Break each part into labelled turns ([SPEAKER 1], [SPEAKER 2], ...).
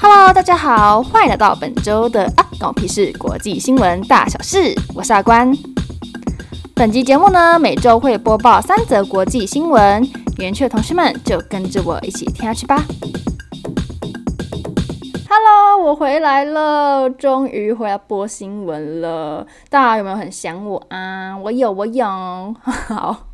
[SPEAKER 1] Hello，大家好，歡迎來到本周的《阿關我屁事》國際新聞大小事，我是阿關。本集節目呢，每周會播報三則國際新聞，元雀同學們就跟着我一起聽下去吧。Hello，我回來了，終於回來播新聞了。大家有沒有很想我啊？我有，我有， 好。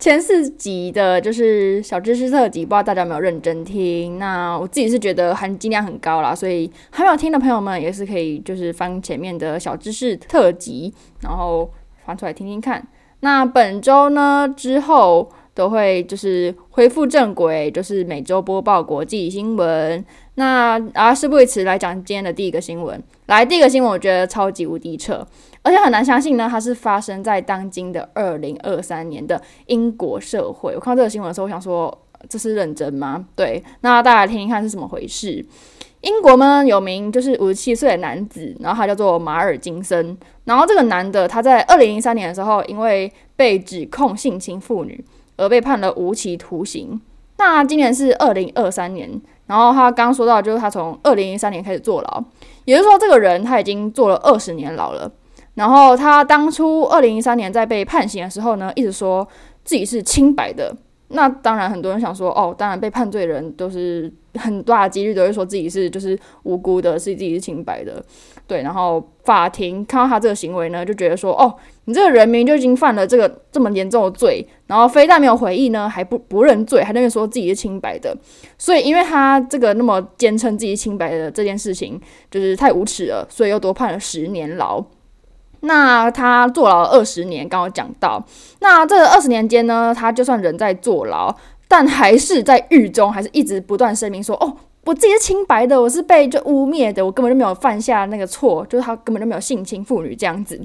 [SPEAKER 1] 前四集的就是小知識特輯，不知道大家有沒有認真聽？那我自己是覺得含金量很高啦，所以還沒有聽的朋友們也是可以，就是翻前面的小知識特輯，然後翻出來聽聽看。那本周呢，之後都會就是恢復正軌，就是每周播報國際新聞。那啊，事不宜遲，來講今天的第一個新聞。來，第一個新聞我覺得超級無敵扯。而且很難相信呢，它是發生在當今的二零二三年的英國社會。我看到這個新聞的時候，我想說這是認真嗎？對，那大家聽聽看是怎麼回事。英國呢，有名就是五十七歲的男子，然後他叫做馬爾金森。然後這個男的他在二零零三年的時候，因為被指控性侵婦女而被判了無期徒刑。那今年是二零二三年，然後他剛剛說到就是他從二零零三年開始坐牢，也就是說這個人他已經坐了二十年牢了。然後他當初二零一三年在被判刑的時候呢，一直說自己是清白的。那當然，很多人想說，哦，當然被判罪人都是很大的幾率都會說自己是就是無辜的，是自己是清白的。對，然後法庭看到他這個行為呢，就覺得說，哦，你這個人民就已經犯了這個這麼嚴重的罪，然後非但沒有悔意呢，還不不認罪，還在那邊說自己是清白的。所以，因為他這個那麼堅稱自己是清白的這件事情就是太無恥了，所以又多判了十年牢。那他坐牢二十年，剛剛講到，那這二十年間呢，他就算人在坐牢，但還是在獄中，還是一直不斷聲明說：“哦，我自己是清白的，我是被這污衊的，我根本就沒有犯下那個錯，就是他根本就沒有性侵婦女這樣子。”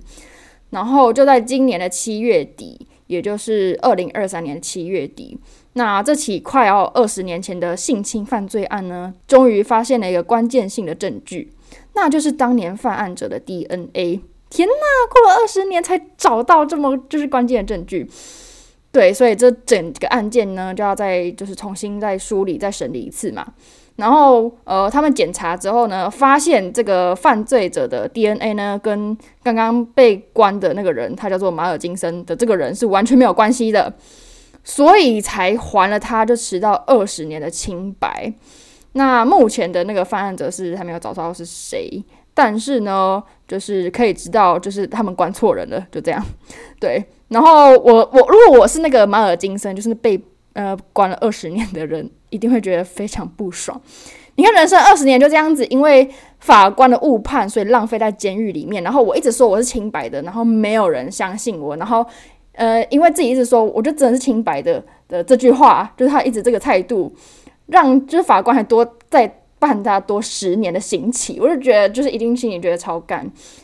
[SPEAKER 1] 然後就在今年的七月底，也就是二零二三年七月底，那這起快要二十年前的性侵犯罪案呢，終於發現了一個關鍵性的證據，那就是當年犯案者的 DNA。天吶，過了二十年才找到這麼就是關鍵的證據，對，所以這整個案件呢，就要再就是重新再梳理再審理一次嘛。然後呃，他們檢查之後呢，發現這個犯罪者的 DNA 呢，跟剛剛被關的那個人，他叫做馬爾金森的這個人是完全沒有關係的，所以才還了他就遲到二十年的清白。那目前的那個犯案者是還沒有找到是誰。但是呢，就是可以知道，就是他們關錯人了，就這樣。對，然後我我如果我是那個馬爾金森，就是被呃關了二十年的人，一定會覺得非常不爽。你看，人生二十年就這樣子，因為法官的誤判，所以浪費在監獄裡面。然後我一直說我是清白的，然後沒有人相信我。然後呃，因為自己一直說，我就真的是清白的的、呃、這句話，就是他一直這個態度，讓就是法官還多在犯大多十年的刑期，我就覺得就是一定心裡覺得超幹。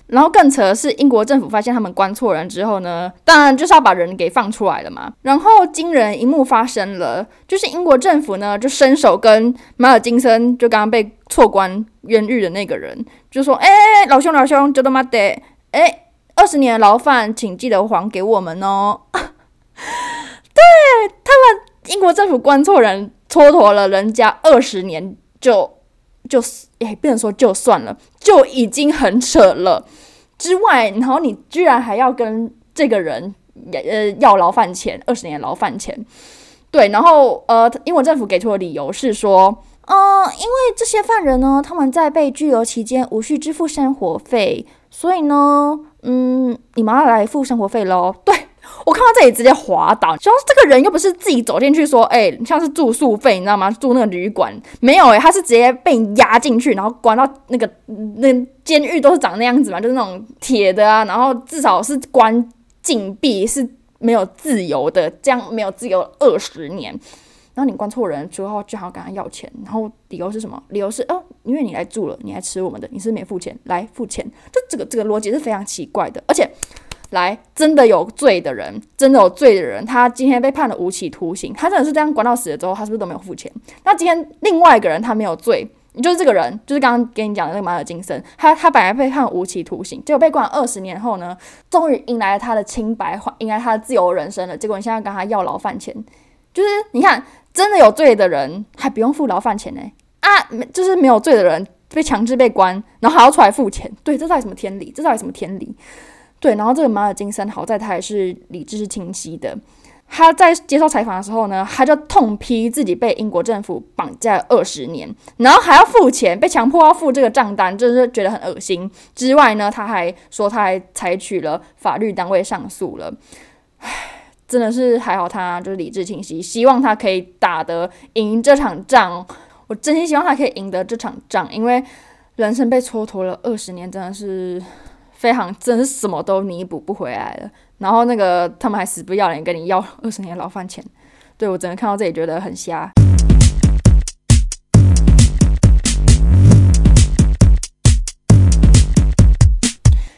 [SPEAKER 1] 然後更扯的是，英國政府發現他們關錯人之後呢，當然就是要把人給放出來了嘛。然後驚人一幕發生了，就是英國政府呢就伸手跟馬爾金森，就剛剛被錯關冤獄的那個人，就說：“哎、欸，老兄老兄，這麼嘛得？哎、欸，二十年牢飯，請記得還給我們哦。 對”對他們，英國政府關錯人，蹉跎了人家二十年就。就是，也不能說就算了，就已經很扯了。之外，然後你居然還要跟這個人也，呃，要牢飯錢，二十年牢飯錢。對，然後，呃，英國政府給出的理由是說，嗯、呃，因為這些犯人呢，他們在被拘留期間無需支付生活費，所以呢，嗯，你們要來付生活費嘍。對。我看到這裡直接滑倒。然後這個人又不是自己走進去，說：“哎、欸，像是住宿費，你知道嗎？住那個旅館沒有、欸？誒，他是直接被你押進去，然後關到那個那監獄，都是長那樣子嘛，就是那種鐵的啊。然後至少是關禁閉，是沒有自由的，這樣沒有自由二十年。然後你關錯人之後，最好跟他要錢。然後理由是什麼？理由是哦、呃，因為你來住了，你來吃我們的，你是，是沒付錢，來付錢。這這個這個邏輯是非常奇怪的，而且。”來，真的有罪的人，真的有罪的人，他今天被判了無期徒刑，他真的是這樣關到死了之後，他是不是都沒有付錢？那今天另外一個人他沒有罪，就是這個人，就是剛剛跟你講的那個馬爾金森，他他本來被判無期徒刑，結果被關二十年後呢，終於迎來了他的清白，迎來他的自由的人生了。結果你現在跟他要牢飯錢，就是你看，真的有罪的人還不用付牢飯錢呢、欸，啊，沒就是沒有罪的人被強制被關，然後還要出來付錢，對，這叫什麼天理？這叫什麼天理？對，然後這個馬爾金森好在他還是理智是清晰的。他在接受採訪的時候呢，他就痛批自己被英國政府綁架了二十年，然後還要付錢，被強迫要付這個賬單，真、就是覺得很噁心。之外呢，他還說他還採取了法律單位上訴了。唉，真的是還好他就是理智清晰，希望他可以打得贏這場仗、哦。我真心希望他可以贏得這場仗，因為人生被蹉跎了二十年，真的是。非常真是什麼都彌補不回來了。然後那個他們還死不要臉跟你要二十年老飯錢，對，我只能看到這裡覺得很瞎。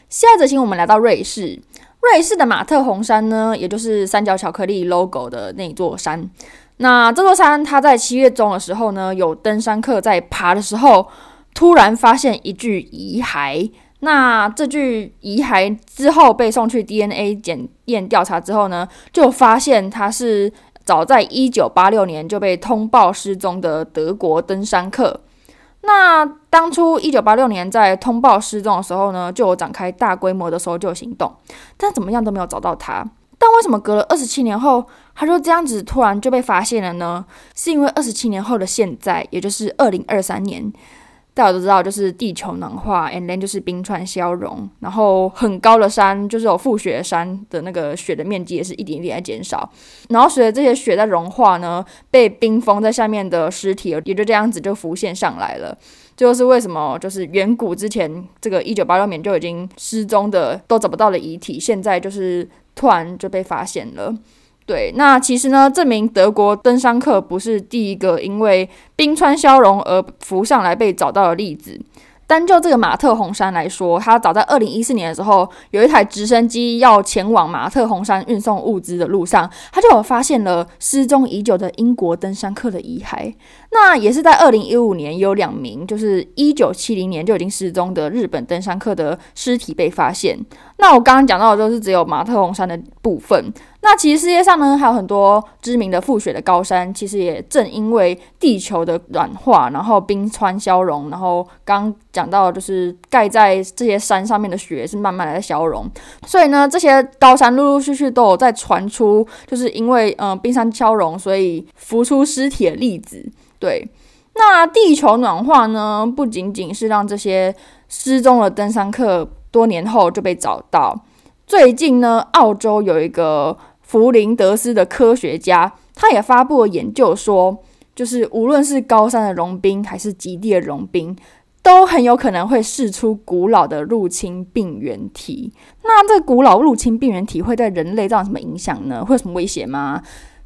[SPEAKER 1] 下則、嗯、行，我們來到瑞士，瑞士的馬特洪山呢，也就是三角巧克力 logo 的那一座山。那這座山，它在七月中的時候呢，有登山客在爬的時候，突然發現一具遺骸。那這具遺骸之後被送去 DNA 檢驗調查之後呢，就發現他是早在1986年就被通報失蹤的德國登山客。那當初1986年在通報失蹤的時候呢，就有展開大規模的搜救行動，但怎麼樣都沒有找到他。但為什麼隔了27年後，他就這樣子突然就被發現了呢？是因為27年後的現在，也就是2023年。大家都知道，就是地球暖化，and then 就是冰川消融，然後很高的山，就是有覆雪的山的那個雪的面積也是一點一點在減少。然後隨着這些雪在融化呢，被冰封在下面的屍體也就這樣子就浮現上來了。就是為什麼，就是遠古之前這個一九八六年就已經失蹤的都找不到的遺體，現在就是突然就被發現了。對，那其實呢，這名德國登山客，不是第一個因為冰川消融而浮上來被找到的例子。單就這個馬特洪山來說，他早在二零一四年的時候，有一台直升機要前往馬特洪山運送物資的路上，他就有發現了失蹤已久的英國登山客的遺骸。那也是在二零一五年，有兩名就是一九七零年就已經失蹤的日本登山客的屍體被發現。那我剛剛講到的都是只有馬特洪山的部分。那其實世界上呢，還有很多知名的覆雪的高山，其實也正因為地球的暖化，然後冰川消融，然後剛講到就是蓋在這些山上面的雪是慢慢來消融，所以呢這些高山陸陸續續都有在傳出，就是因為嗯、呃、冰山消融，所以浮出屍體的例子。對，那地球暖化呢，不僅僅是讓這些失蹤的登山客多年後就被找到，最近呢澳洲有一個。弗林德斯的科學家，他也發佈了研究，說，就是無論是高山的融冰，還是極地的融冰，都很有可能會釋出古老的入侵病原體。那這古老入侵病原體會對人類造成什麼影響呢？會有什麼威脅嗎？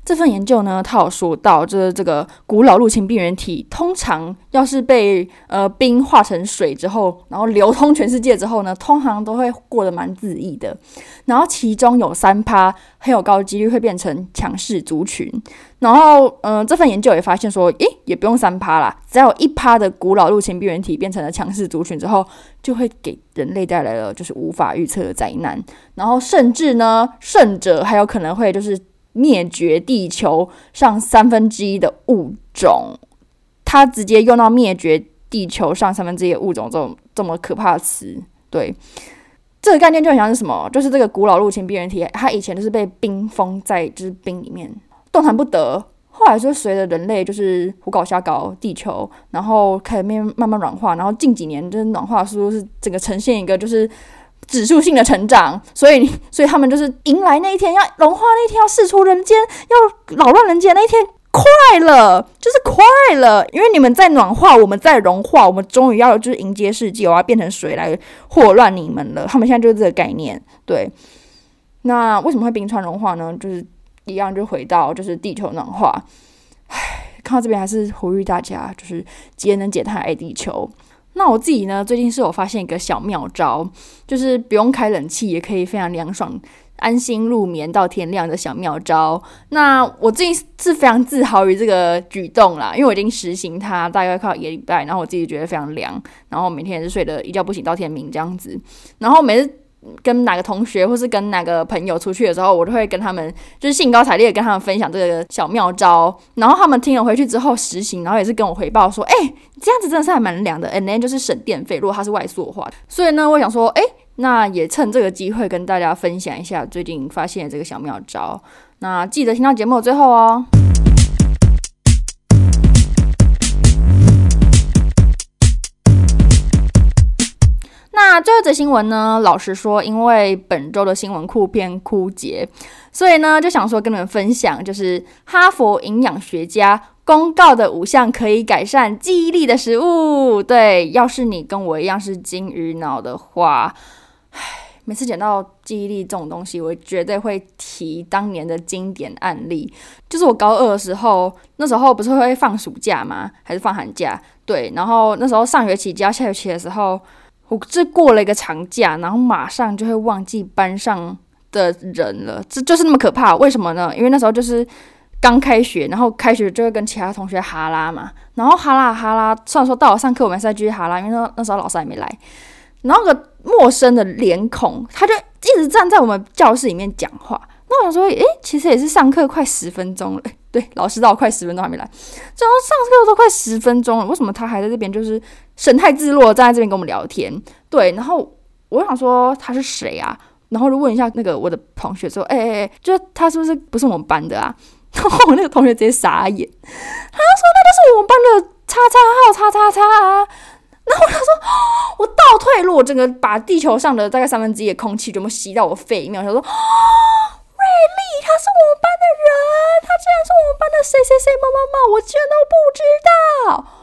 [SPEAKER 1] 這份研究呢，他有說到，就是這個古老入侵病原體，通常要是被呃冰化成水之後，然後流通全世界之後呢，通常都會過得蠻自意的。然後其中有三趴很有高幾率會變成強勢族群。然後嗯、呃，這份研究也發現說，誒，也不用三趴啦，只要有一趴的古老入侵病原體變成了強勢族群之後，就會給人類帶來了就是無法預測的災難。然後甚至呢，甚者還有可能會就是。滅絕地球上三分之一的物種，它直接用到滅絕地球上三分之一的物種這種這麼可怕的詞。對，這個概念就很像是什麼？就是這個古老入侵病原體，它以前就是被冰封在就是冰裡面，動彈不得。後來說隨着人類就是胡搞瞎搞地球，然後開始慢慢軟化，然後近幾年就是暖化速度是整個呈現一個就是。指數性的成長，所以所以他們就是迎來那一天要融化，那一天要釋出人間，要擾亂人間，那一天快了，就是快了，因為你們在暖化，我們在融化，我們終於要就是迎接世界，我要變成水來禍亂你們了。他們現在就是這個概念，對。那為什麼會冰川融化呢？就是一樣，就回到就是地球暖化。唉，看到這邊還是呼籲大家就是節能減碳愛地球。那我自己呢？最近是有發現一個小妙招，就是不用開冷氣也可以非常涼爽，安心入眠到天亮的小妙招。那我最近是非常自豪於這個舉動啦，因為我已經實行它大概靠一個禮拜，然後我自己覺得非常涼，然後每天也是睡得一覺不醒到天明這樣子，然後每次，跟哪個同學或是跟哪個朋友出去的時候，我都會跟他們就是興高采烈的跟他們分享這個小妙招，然後他們聽了回去之後實行，然後也是跟我回報說，哎、欸，這樣子真的是還蠻涼的，哎，那就是省電費。如果他是外宿的話，所以呢，我想說，哎、欸，那也趁這個機會跟大家分享一下最近發現的這個小妙招。那記得聽到節目的最後哦。那最後一則新聞呢，老實說，因為本周的新聞庫偏枯竭，所以呢就想說跟你們分享，就是哈佛營養學家公告的五項可以改善記憶力的食物。對，要是你跟我一樣是金魚腦的話，唉，每次講到記憶力這種東西，我絕對會提當年的經典案例，就是我高二的時候，那時候不是會放暑假嗎？還是放寒假？對，然後那時候上學期加下學期的時候。我這過了一個長假，然後馬上就會忘記班上的人了，這就是那麼可怕。為什麼呢？因為那時候就是剛開學，然後開學就會跟其他同學哈拉嘛，然後哈拉哈拉，雖然說到了上課我們還是繼續哈拉，因為那那時候老師還沒來，然後個陌生的臉孔，他就一直站在我們教室裡面講話。那我想說，誒、欸，其實也是上課快十分鐘了，對，老師到我快十分鐘還沒來，然後上課都快十分鐘了，為什麼他還在這邊就是？神態自若，站在這邊跟我們聊天。對，然後我想說他是誰啊？然後就問一下那個我的同學說：“哎、欸、哎、欸，就他是不是不是我們班的啊？”然後我那個同學直接傻眼，他說：“那就是我們班的叉叉號叉叉叉啊！”然後他說：“我倒退路，如果整個把地球上的大概三分之一的空氣全部吸到我肺裡面。”我想說：“瑞麗，他是我們班的人，他竟然是我們班的誰誰誰某某某，我居然都不知道。”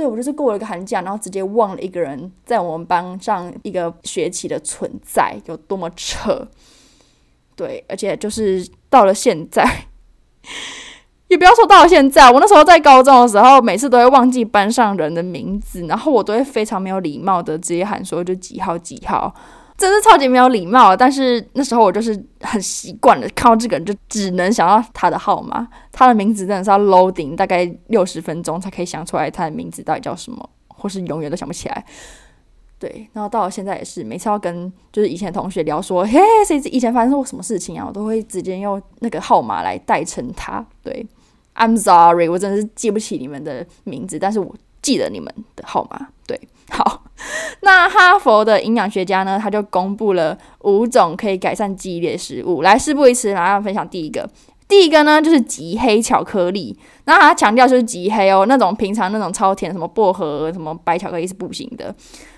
[SPEAKER 1] 對，我就是過了一個寒假，然後直接忘了一個人在我們班上一個學期的存在有多麼扯。對，而且就是到了現在，也不要說到了現在，我那時候在高中的時候，每次都會忘記班上人的名字，然後我都會非常沒有禮貌的直接喊說就幾號幾號。真的超級沒有禮貌，但是那時候我就是很習慣了，看到這個人就只能想到他的號碼，他的名字真的是要 loading，大概六十分鐘才可以想出來他的名字到底叫什麼，或是永遠都想不起來。對，然後到了現在也是，每次要跟就是以前的同學聊說，嘿，嘿，誰以前發生過什麼事情啊，我都會直接用那個號碼來代稱他。對，I'm sorry，我真的是記不起你們的名字，但是我記得你們的號碼。對。好，那哈佛的營養學家呢，他就公布了五種可以改善記憶力的食物。來，事不宜遲，馬上分享第一個。第一個呢，就是極黑巧克力。那他強調就是極黑哦，那種平常那種超甜什麼薄荷什麼白巧克力是不行的。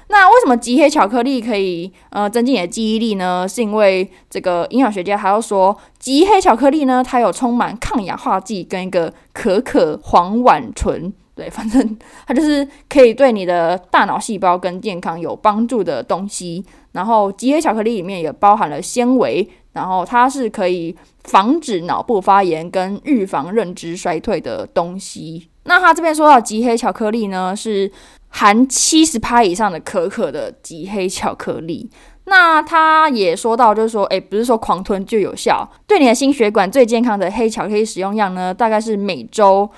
[SPEAKER 1] 那為什麼極黑巧克力可以呃增進你的記憶力呢？是因為這個營養學家還要說，極黑巧克力呢，它有充滿抗氧化劑跟一個可可黃烷醇。對，反正它就是可以對你的大腦細胞跟健康有幫助的東西。然後極黑巧克力裡面也包含了纖維，然後它是可以防止腦部發炎跟預防認知衰退的東西。那他這邊說到極黑巧克力呢，是含七十趴以上的可可的極黑巧克力。那他也說到，就是說，誒，不是說狂吞就有效，對你的心血管最健康的黑巧克力使用量呢，大概是每周。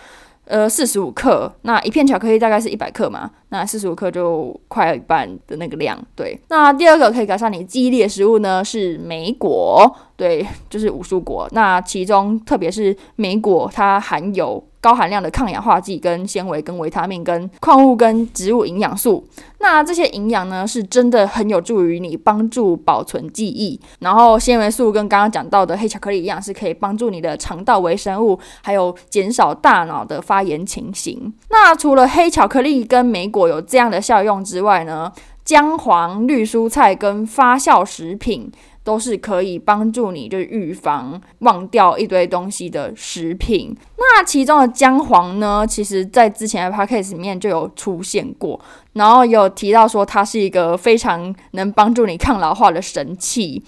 [SPEAKER 1] 呃，四十五克，那一片巧克力大概是一百克嘛，那四十五克就快要一半的那個量。對，那第二個可以改善你記憶力的食物呢，是莓果。對，就是五蔬果。那其中，特別是莓果，它含有高含量的抗氧化劑、跟纖維、跟維他命、跟礦物、跟植物營養素。那這些營養呢，是真的很有助於你幫助保存記憶。然後，纖維素跟剛剛講到的黑巧克力一樣，是可以幫助你的腸道微生物，還有減少大腦的發炎情形。那除了黑巧克力跟莓果有這樣的效用之外呢，薑黃、綠蔬菜跟發酵食品。都是可以幫助你，就是預防忘掉一堆東西的食品。那其中的薑黃呢？其實，在之前的 podcast 裡面就有出現過，然後有提到說它是一個非常能幫助你抗老化的神器。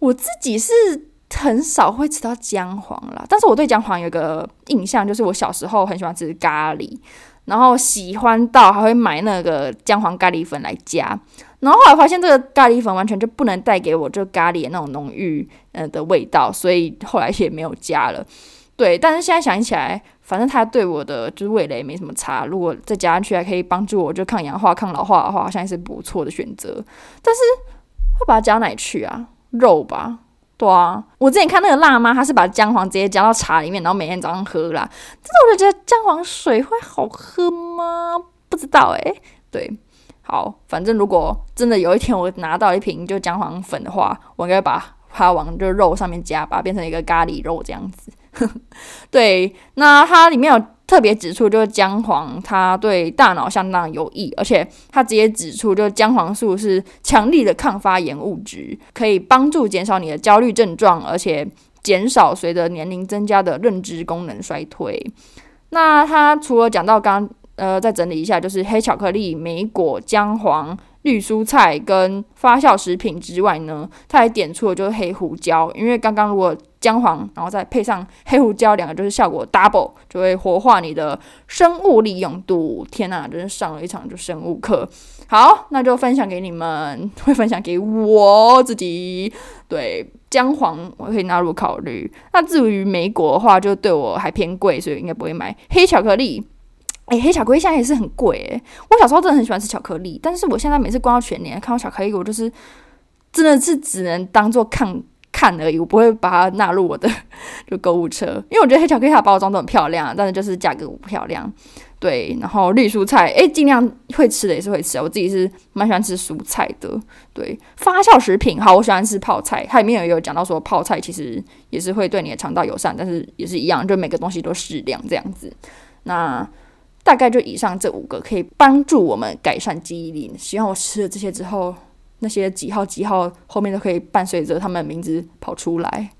[SPEAKER 1] 我自己是很少會吃到薑黃啦，但是我對薑黃有個印象，就是我小時候很喜歡吃咖喱。然後喜歡到還會買那個薑黃咖喱粉來加，然後後來發現這個咖喱粉完全就不能帶給我這咖喱的那種濃郁嗯的味道，所以後來也沒有加了。對，但是現在想起來，反正它對我的就是味蕾沒什麼差。如果再加上去，還可以幫助我就抗氧化、抗老化的話，好像也是不錯的選擇。但是會把它加哪去啊？肉吧。對啊，我之前看那個辣媽，她是把薑黃直接加到茶裡面，然後每天早上喝啦。真的，我就覺得薑黃水會好喝嗎？不知道欸。對，好，反正如果真的有一天我拿到一瓶就薑黃粉的話，我應該把它往這肉上面加，把它變成一個咖喱肉這樣子。 對，那它裡面有。特別指出，就是薑黃，它對大腦相當有益，而且它直接指出，就是薑黃素是強力的抗發炎物質，可以幫助減少你的焦慮症狀，而且減少隨着年齡增加的認知功能衰退。那它除了講到剛，呃，再整理一下，就是黑巧克力、莓果、薑黃、綠蔬菜跟發酵食品之外呢，它還點出了就是黑胡椒，因為剛剛如果。薑黃，然後再配上黑胡椒，兩個就是效果 double，就會活化你的生物利用度。天吶、啊，真、就是上了一場就生物課。好，那就分享給你們，會分享給我自己。對，薑黃我可以納入考慮。那至於莓果的話，就對我還偏貴，所以應該不會買黑巧克力。誒、欸，黑巧克力現在也是很貴、欸。我小時候真的很喜歡吃巧克力，但是我現在每次逛到全年看到巧克力，我就是真的是只能當做抗。看而已，我不會把它納入我的就購物車，因為我覺得黑巧克力它包裝都很漂亮，但是就是價格不漂亮。對，然後綠蔬菜，誒，盡量會吃的也是會吃啊，我自己是蠻喜歡吃蔬菜的。對，發酵食品，好，我喜歡吃泡菜，它裡面也有講到說泡菜其實也是會對你的腸道友善，但是也是一樣，就每個東西都適量這樣子。那大概就以上這五個可以幫助我們改善記憶力，希望我吃了這些之後。那些幾號幾號後面都可以伴隨着他們的名字跑出來。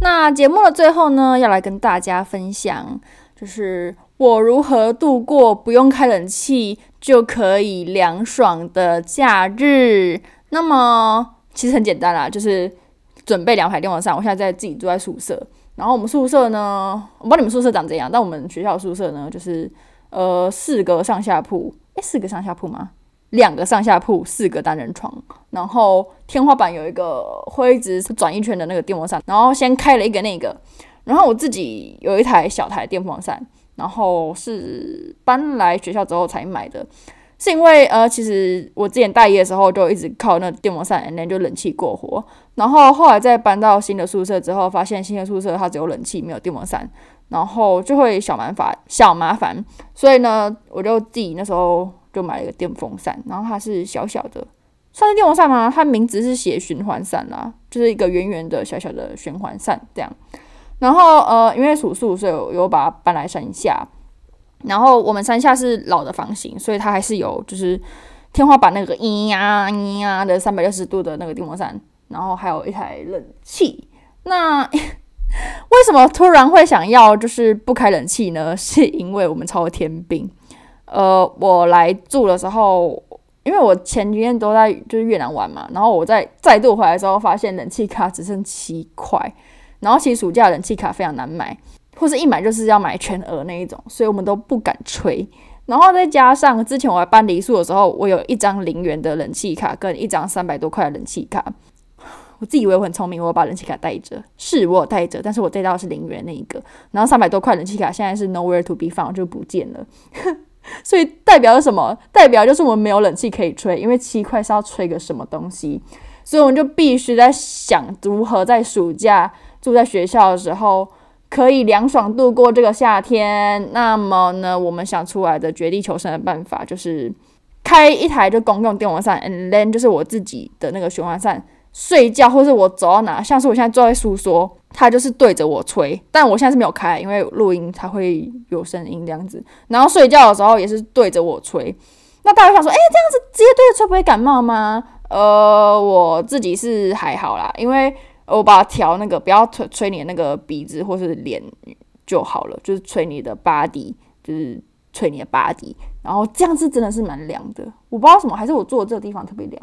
[SPEAKER 1] 那節目的最後呢，要來跟大家分享，就是我如何度過不用開冷氣就可以涼爽的假日。那麼其實很簡單啦，就是準備兩台電風扇。我現在在自己住在宿舍。然後我們宿舍呢，我不知道你們宿舍長怎樣，但我們學校宿舍呢，就是呃四個上下鋪，誒，四個上下鋪嗎？兩個上下鋪，四個單人床，然後天花板有一個會一直轉一圈的那個電風扇，然後先開了一個那個，然後我自己有一台小台電風扇，然後是搬來學校之後才買的。是因為呃，其實我之前大一的時候就一直靠那電風扇，那就冷氣過活。然後後來再搬到新的宿舍之後，發現新的宿舍它只有冷氣沒有電風扇，然後就會小麻煩小麻煩。所以呢，我就自己那時候就買了一個電風扇，然後它是小小的，算是電風扇嗎？它名字是寫循環扇啦，就是一個圓圓的小小的循環扇這樣。然後呃，因為暑宿，所以我又把它搬來山下。然後我們三下是老的房型，所以它還是有就是天花板那個咿、嗯、呀咿、嗯、呀的三百六十度的那個電風扇，然後還有一台冷氣。那為什麼突然會想要就是不開冷氣呢？是因為我們超天兵。呃，我來住的時候，因為我前幾天都在就是越南玩嘛，然後我在再，再度回來的時候發現冷氣卡只剩七塊，然後其實暑假冷氣卡非常難買。或是一買就是要買全額那一種，所以我們都不敢吹。然後再加上之前我還搬離宿的時候，我有一張零元的冷氣卡跟一張三百多塊的冷氣卡。我自己以為我很聰明，我把冷氣卡帶着，是我有帶着，但是我帶到是零元那一個。然後三百多塊冷氣卡現在是 nowhere to be found，就不見了。 所以代表了什麼？代表就是我們沒有冷氣可以吹，因為七塊是要吹個什麼東西，所以我們就必須在想如何在暑假住在學校的時候可以涼爽度過這個夏天。那麼呢，我們想出來的絕地求生的辦法就是開一台就公共電風扇，and then 就是我自己的那個循環扇睡覺，或是我走到哪，像是我現在坐在書桌，它就是對着我吹。但我現在是沒有開，因為錄音它會有聲音這樣子。然後睡覺的時候也是對着我吹。那大家想說，誒、欸，這樣子直接對着吹不會感冒嗎？呃，我自己是還好啦，因為。我把它調那個不要吹吹你的那個鼻子或是臉就好了，就是吹你的 body，就是吹你的 body，然後這樣子真的是蠻涼的。我不知道什麼，還是我坐這個地方特別涼。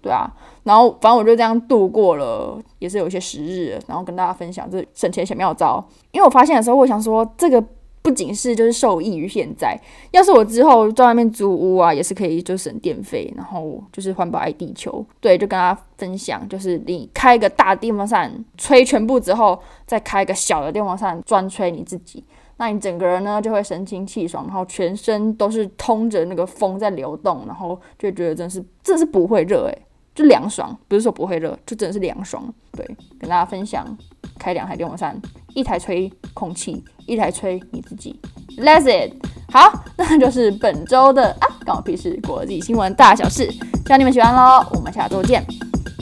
[SPEAKER 1] 對啊，然後反正我就這樣度過了，也是有一些時日，然後跟大家分享這省錢小妙招。因為我發現的時候，我想說這個。不僅是就是受益於現在，要是我之後在外面租屋啊，也是可以就省電費，然後就是環保愛地球。對，就跟大家分享，就是你開一個大電風扇吹全部之後，再開一個小的電風扇專吹你自己，那你整個人呢就會神清氣爽，然後全身都是通着那個風在流動，然後就覺得真是這是不會熱哎、欸，就涼爽，不是說不會熱，就真的是涼爽。對，跟大家分享。開兩台電風扇，一台吹空氣，一台吹你自己。That's it，好，那就是本周的啊，幹我屁事！國際新聞大小事，希望你們喜歡嘍，我們下周見，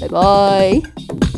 [SPEAKER 1] 拜拜。